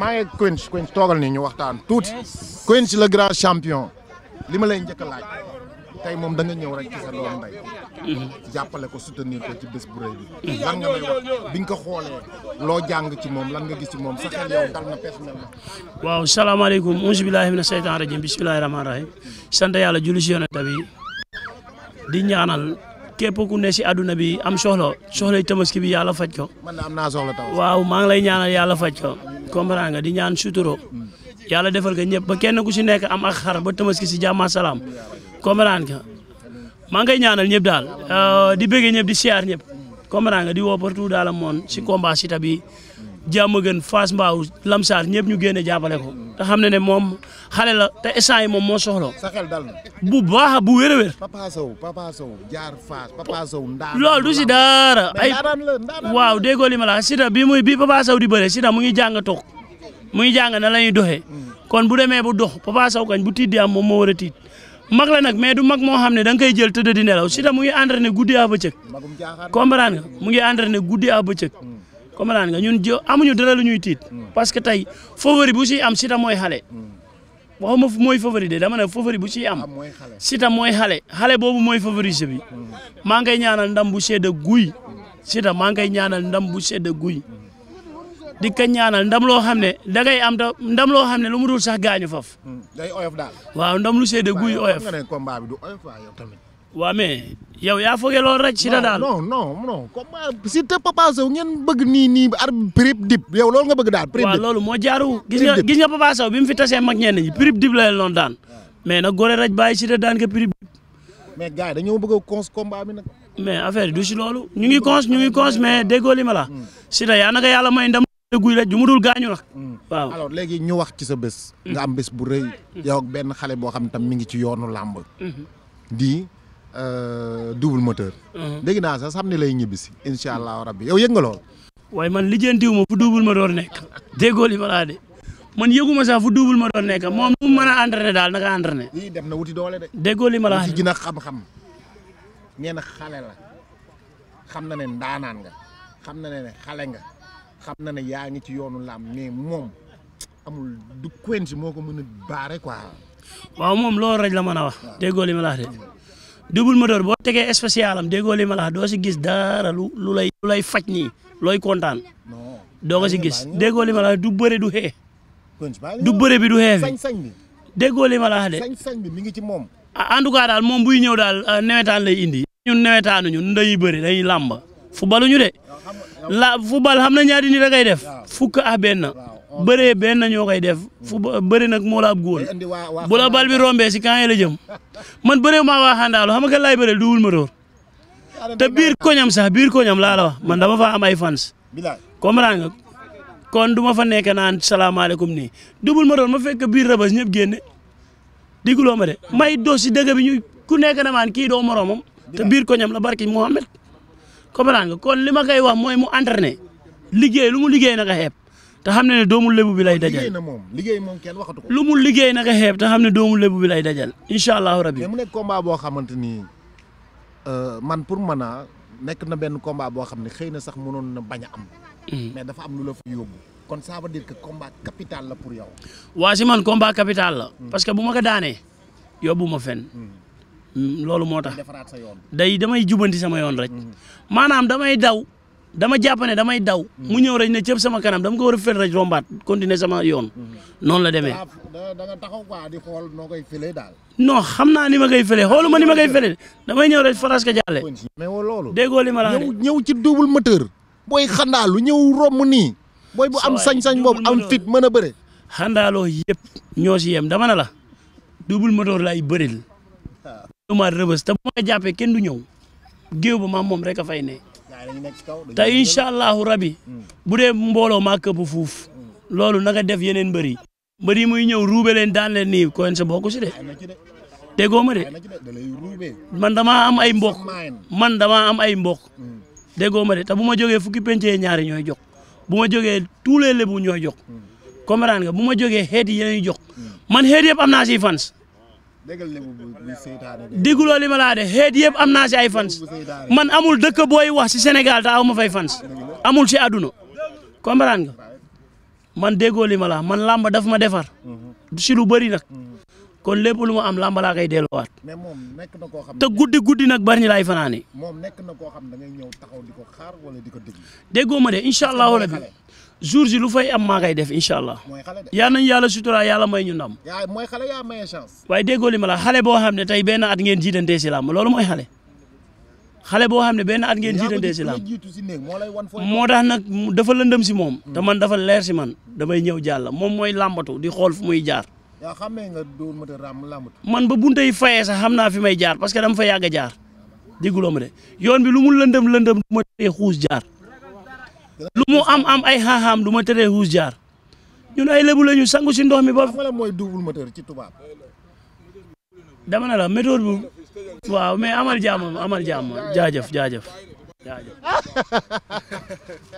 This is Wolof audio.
maa ngi Quench Quench toogal nii ñu waxtaan tuuti Quench la grand champion li ma lay njëkk a laaj tey moom da nga ñëw rek ci sa mhm. jàppale ko soutenir ko bu rëy bi mhm. lan ko xoolee loo jàng ci moom lan nga gis ci moom sa xel yow dal na pees mel na waaw salaamaaleykum auzu billaahi mina seytaan rajim bismillaahi rahmaani rahim sant yàlla julli si yonent bi di ñaanal képp ku ne si àdduna bi am soxla soxlay tabaski bi yàlla faj ko man waaw maa lay ñaanal yàlla faj ko comprendre di ñaan suturo yàlla defal ka ñëpp ba kenn ku si nekk am ak xar ba tamaski si jàmm salaam comprendre nga maa ñaanal ñëpp daal euh, di bëggee ñëpp di siyaar ñëpp comprendre di woo partout dans si combat Siteu bi Diamaguène Fass Mbao Lamsar ñëpp ñu génne jàppale ko te xam ne ne moom xale la te instant yi moom moo soxla. sa xel dal na bu baax bu wér a wér. Papa du si ay waaw déggoo li ma la sida bi muy bi Papa Sow di bëre sida mu ngi jàng toog mu ngi jàng na la ñuy doxee. Mm. kon bu demee bu dox Papa Sow kañ bu tiit di am moom moo war a tiit. mag la du mag moo xam ne da koy jël tëdd di nelaw sida mu ngi entraîné guddi à bëccëg. comprendre nga mu ngi entraîné guddi à bëccëg. comprendre nga ñun jë amuñu dara lu ñuy tiit. Mm. parce que tey favori bu si am Siteu mooy xale. Mm. waxuma mooy favori de dama ne bu siy am. Ah, Siteu mooy xale xale boobu mooy favori bi. Mm. maa ngay ñaanal ndam bu sedd guy. Siteu maa ngay ñaanal ndam bu sedd guy. di ka ñaanal ndam loo xam ne da ngay ndam loo xam ne lu mu dul sax gaañu faf day oyof daal. waaw ndam lu sedd guy oyof. combat waa mais yow yaa foogee loolu rek. Siteu daal non non non comme euh, Siteu Papa Sow ngeen bëgg nii nii ar prip dip yow loolu nga bëgg daal. prip dip waaw loolu moo jaaru. gis nga gis nga Papa Sow bi mu fi tasee mag ñenn ñi prip dip la leen doon daan mais nag góore rek bàyyi Siteu daan nga prip dip. mais gars yi dañoo bëgg a cons combat bi mais affaire yi du ñu ngi cons ñu ngi cons mais déggoo li ma la. Hmm. Siteu yàlla may ndam. dëgguy la ju mu dul gaañu nag. Hmm. waaw alors léegi ñu wax ci sa bés. nga am bés bu rëy. Hmm. yow benn xale boo xam tam mi ngi ci yoonu làmb di Euh, double moteur. Uh-huh. dégg naa sax sam ni lay ñibbisi incha allahu rabbi yow yëg nga lool. waaye man lijjantiwu ma fu double moteur nekk déggoo li ma laa de man yëgu ma sax fu double moteur nekk moom mu mën a entraîné daal naka entraîné. yii dem na wuti doole de. li ma laa de ci gën xam-xam nee na xale la xam na ne ndaanaan nga xam na ne xale nga xam na ne yaa ngi ci yoonu laam mais moom amul du cointre moo ko mën a baare quoi. waaw moom loolu rek la mën a wax déggoo li ma laa de. double moteur boo tegee spécial am déggoo li ma la doo si gis dara lu lay faj nii looy kontaan doo ko si gis déggoo li ma la du bëre du xee du bëre bi du xee bi déggoo li ma la de ah en tout cas daal moom buy ñëw daal euh, nawetaan lay indi ñun nawetaanu ñun dañuy bëri dañuy làmb footballu ñu de la football xam na ñaari nit a koy def fukk ak benn bëree benn ñoo koy def fu bëri nag moo la ab góor bu la bal bi rombee si camp la jëm man bëree maa waa xandaalu xam nga kan laay bëree duwul ma door te biir koñam sax biir koñam laala la wax man dama fa am ay fans comprendre nga kon du ma fa nekk naan salaamaaleykum nii duwul ma door ma fekk biir rabas ñëpp génne diguloo ma de may dos si dëgg bi ñu ku nekk na maan kii doo moromam te biir koñam la barki Mouhamed comprendre nga kon li ma koy wax mooy mu entraîné liggéey lu liggéey na nga te xam ne ne doomu lébu bi lay dajal na moom liggéey moom kenn waxatu ko. lu mu liggéey na nga xeeb te xam ne doomu lébu bi lay dajal incha allahu rabi. mais mu nekk combat boo xamante ni euh, man pour mën a nekk na benn combat boo xam ne xëy na sax mënoon na bañ a am. Hmm. dafa am lu la fa yóbbu. kon ça veut dire capital la pour yow. waa man combat capital la. Hmm. parce que bu ma ko daanee yobu ma fen hmm. loolu moo tax day damay jubanti sama yoon rek. maanaam damay daw. dama jàppane damay daw. mu ñëw rek ne cëpp sama kanam dama ko war a fël rek rombaat continuer sama yoon. noonu la demee. da taxaw quoi di xool noo koy fëlee daal. non xam naa ni ma koy fëlee xooluma ni ma koy fëlee damay ñëw rek faras ka jàlle. mais loolu déggoo li ma la ñëw ñëw ci double moteur. booy xandaal xandaalu ñëw romb nii. booy bu am sañ-sañ boobu am fit mën a bëre. xandaaloo yëpp ñoo yem dama ne la double moteur laay bëril. waaw ah. ñëw rëbës te bu ma jàppee kenn du ñëw. géew ba maam moom rek a fay ne. te incha allahu rabi hmm. bu dee mbooloo maa këpp fuuf hmm. loolu na nga def yeneen mbër yi mbër yi muy ñëw ruube leen daan leen nii koyen sa bokku si de déggoo ma de man damaa am ay mbokk man damaa am ay mbokk hmm. déggoo ma de te bu ma jógee fukki pencee ñaari ñooy jox bu ma jógee tous les lébu ñooy jox comprendre nga bu ma jógee xeet yi ñooy man xeet yëpp am naa fans dégguloo li ma laa de xeet yëpp am naa si ay fans man amul dëkk booy wax si Sénégal te aw ma fay fans amul si àdduna comprendre nga man déggoo li man làmba daf ma defar si mhm. lu bëri nag mhm. kon lépp lu ma am làmba laa koy delluwaat te guddi guddi nag bari ñu laay fanaane déggoo ma de incha allahu rabi jour ji lu fay am maa koy def incha allah yaa nañ yàlla sutura yàlla may ñu ndam waaye déggoo li ma la xale boo xam ne tey benn at ngeen jiitantee si làmb loolu mooy xale xale boo xam ne benn at ngeen jiitantee si làmb moo tax nag dafa lëndëm si moom mm. te man dafa leer man damay ñëw jàll moom mooy làmbatu di xool fu muy jaar man ba bunte yi fayee sax xam naa fi may jaar parce que dama fa yàgg a jaar dégguloo ma de yoon bi lu mu lëndëm lëndëm du ma xuus jaar lu mu am am ay xaaxaam du ma teree xuus jaar ñun ay lébu la sangu si ndox mi ba. wala mooy double ci tubaab. la météo bu waaw mais amal jàmm amal jàmm jaajëf jaajëf jaajëf.